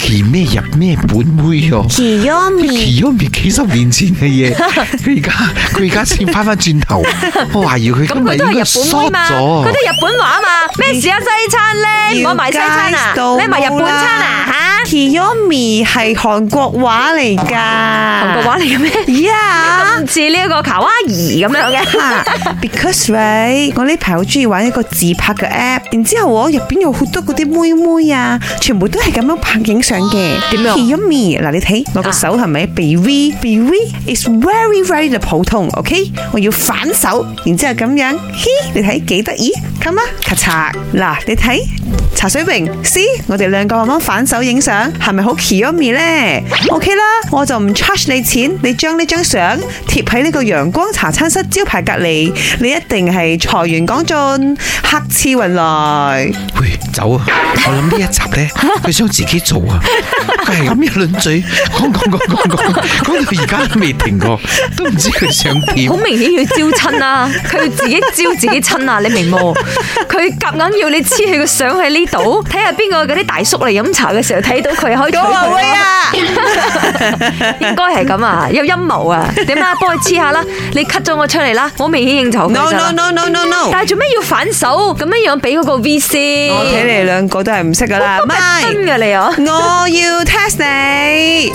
奇咩日本妹哦，Kiyomi，Kiyomi 幾十年前嘅嘢，佢而家而家先翻翻轉頭，我話要佢咁，佢都係日本妹嘛，佢都日本話啊嘛，咩食啊西餐咧，我買西餐啊，你買日本餐啊吓？Kiyomi 係韓國話嚟噶，韓國話嚟嘅咩？啊，似呢一個卡哇伊咁樣嘅，Because right，我呢排好中意玩一個自拍嘅 app，然之後我入邊有好多嗰啲妹妹啊，全部都係咁樣拍景。上嘅點樣？Kiyomi 嗱，你睇我個手係咪、ah. b v b v，it's very very、right，普通，ok。我要反手，然之後咁樣，嘿，你睇幾得意？come 啊，咔嚓！嗱，你睇茶水榮 c 我哋兩個慢慢反手影相，係咪好 Kiyomi 咧？ok 啦，我就唔 charge 你錢，你將呢張相貼喺呢個陽光茶餐室招牌隔籬，你一定係財源廣進，客似雲來。喂，走啊！我諗呢一集咧，佢想自己做啊！ 係咁一輪嘴講講講講講，講到而家都未停過，都唔知佢想點。好明顯要招親啦，啊，佢要自己招自己親啊！你明冇？佢夾硬要你黐佢個相喺呢度，睇下邊個嗰啲大叔嚟飲茶嘅時候睇到佢，可以。我話會啊， 應該係咁啊，有陰謀啊！點啊，幫佢黐下啦，你 cut 咗我出嚟啦，好明顯應酬。No no no no no no！no. 但係做咩要反手咁樣樣俾嗰個 V C？我睇你兩個都係唔識噶啦，唔係真噶你哦。我要 test 你，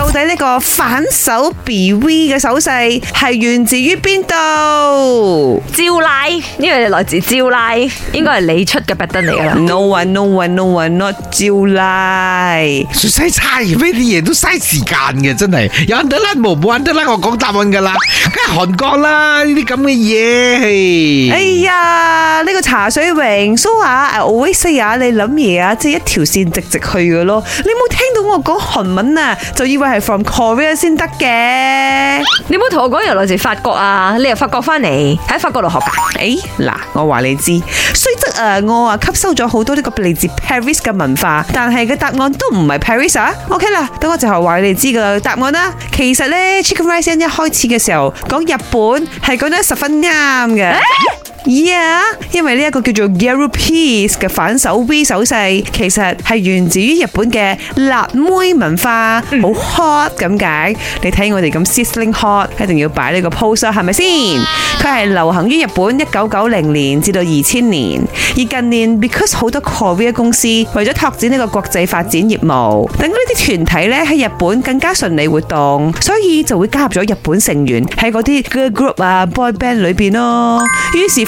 到底呢個反手 BV 嘅手勢係源自於邊度？招拉，呢個係來自招拉，應該係你出嘅不得 t n 噶啦。No one, no one, no one, not 招拉。唔使猜咩啲嘢都嘥時間嘅，真係有得甩，冇冇得甩。我講答案噶啦，梗係韓國啦呢啲咁嘅嘢。哎呀，呢、這個茶水榮蘇啊。So 你諗嘢啊，即係一條線直直去嘅咯。你冇聽到我講韓文啊，就以為係 from Korea 先得嘅。你冇同我講又來自法國啊，你由法國翻嚟喺法國度學噶。誒、欸，嗱，我話你知，雖則啊，我啊吸收咗好多呢個嚟自 Paris 嘅文化，但係個答案都唔係 Paris 啊。OK 啦，等我就係話你知噶答案啦。其實咧，Chicken Rice、Inn、一開始嘅時候講日本係講得十分啱嘅。欸 Yeah，因為呢一個叫做 garu peace 嘅反手 V 手勢，其實係源自於日本嘅辣妹文化，好 hot 咁解。你睇我哋咁 sizzling hot，一定要擺呢個 pose，係咪先？佢係 Yeah. 流行於日本一九九零年至到二千年，而近年 because 好多 Korea 公司為咗拓展呢個國際發展業務，等呢啲團體咧喺日本更加順利活動，所以就會加入咗日本成員喺嗰啲 girl group 啊 boy band 裏邊咯。於是，